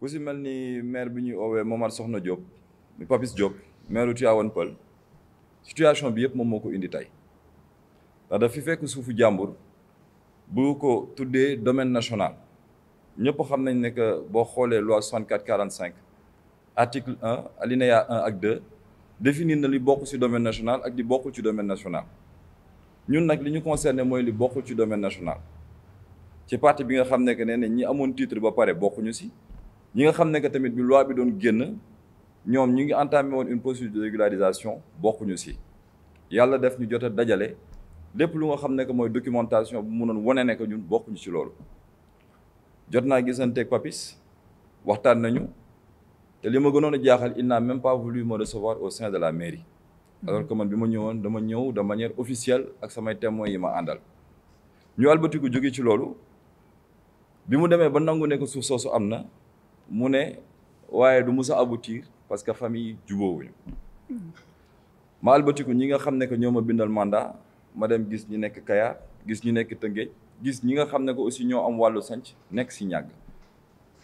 ku si mel ni maire bi ñuy oowee Momar Soxna Diop Papis Diop maire Tivaouane Paul situation bi yëpp moom moo ko indi tey ndax daf fi fekk suufu jàmbur bu ko tuddee domaine national ñëpp xam nañ ne que boo xoolee loi 64 45 article 1 alinéa 1 ak 2 définir na li bokk ci domaine national ak li bokkul ci domaine national ñun nag li ñu concerné mooy li bokkul ci domaine national ci parti bi nga xam ne que nee ne ñi amoon titre ba pare bokkuñu ci ñi nga xam que tamit bi loi bi doon génn ñoom ñi ngi entamé woon une procédure de régularisation bokku ñu ci yalla def ñu jotta dajalé dajale lépp lu nga xam que moy documentation bu mënoon woné ne que ñun bokkuñu si loolu jot naa gisanteeg papis waxtaan nañu te li ma gënoon a jaaxal il n'a même pas voulu me recevoir au sein de la mairie mm-hmm. alors que man bi ma dama ñëw de manière officielle ak samay témoins yi ma andal ñu albatiku jóge ci loolu bi mu demee ba nangu ne que suuf soosu amna mu ne du musa aboutir parce que famille jubóowuñu ma albatiku ñi nga xam que ñoo ma bindal mandat ma dem gis ñi nek kaya gis ñu nek Tëngéej gis ñi nga xam ko aussi ñoo am walu sanc nek si ñag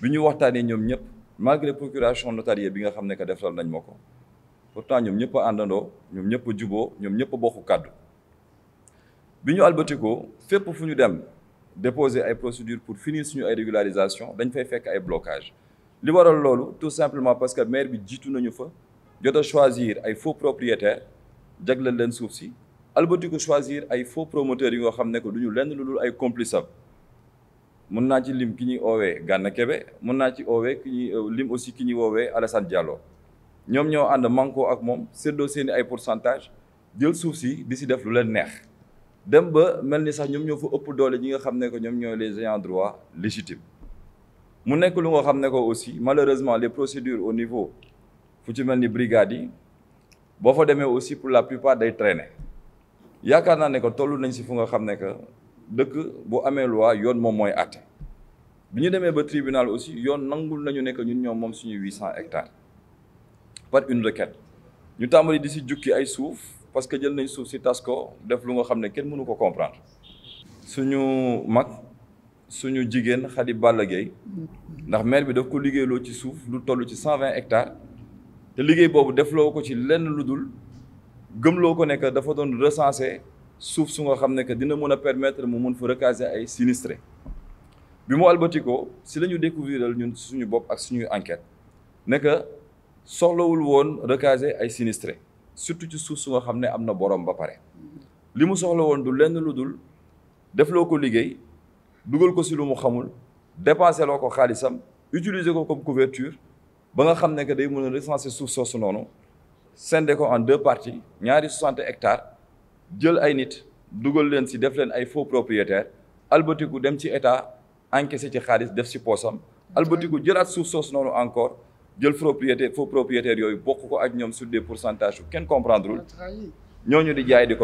biñu ñu ñoom malgré procuration notariée bi nga xam ne que defal nañ ma pourtant ñoom ñëpp andando àndandoo ñoom ñëpp a juboo ñoom ñëpp a bokk kàddu bi ñu albatikoo dem déposer ay procédure pour finir suñu ay régularisation dañ fay fekk ay blocage li waral loolu tout simplement parce que maire bi jiitu nañu fa jot choisir ay faux propriétaires jagleel leen suuf si albatiku choisir ay faux promoteurs yi nga xam ne du ñu lenn lu ay complice am mun ci lim ki ñuy oowee Gana Kebe mun ci owé ki euh, lim aussi ki ñuy woowee Alassane Diallo ñom ñoo and manko ak mom séddoo seeni ay pourcentage jël souci, si di si def lu leen neex dem ba melni sax ñom ñoo fa upp doole ñi nga xam ne que les ayants droit légitimes mu nekk lu nga ko aussi malheureusement les procédures au niveau fu ni brigades beaucoup de fa aussi pour la plupart day traîner yaakaar naa ne que toll nañ si fu nga xam que dëkk bu amee loi yoon moom mooy atteint. Bien ñu mais ba tribunal aussi yoon nangul nañu ne que ñun ñoom moom suñu 800 hectares par une requête Nous tàmbali di si jukki ay suuf parce que jël nañ souci si tas ko def lu nga xam ne mënu ko comprendre suñu mag. suñu jigéen Khady Balla Gueye mm-hmm. ndax maire bi daf ko liggéeyloo ci suuf lu toll ci cent vingt ectare te liggéey boobu def loo ko ci lenn lu dul gëm loo ko ne dafa doon recenser suuf su nga xam ne que dina mën a permettre mu mun fa recaser ay sinistrés bi mu albatikoo si la ñu découvriral ñun suñu bopp ak suñu enquête ne que soxlawul woon recaser ay sinistrés surtout ci suuf su nga xam ne am na borom ba pare mm-hmm. li mu soxla woon du lenn lu dul def loo ko liggéey. dugal ko si lu mu xamul dépensé utiliser comme couverture ba nga que day mëna recenser sous en deux parties ñaari hectares djel ay nit dugal len si def len ay faux propriétaires albatiku dem ci état encaissé ci def ci albatiku encore propriété faux propriétaires yoy bokko ak sur des pourcentages di jaay di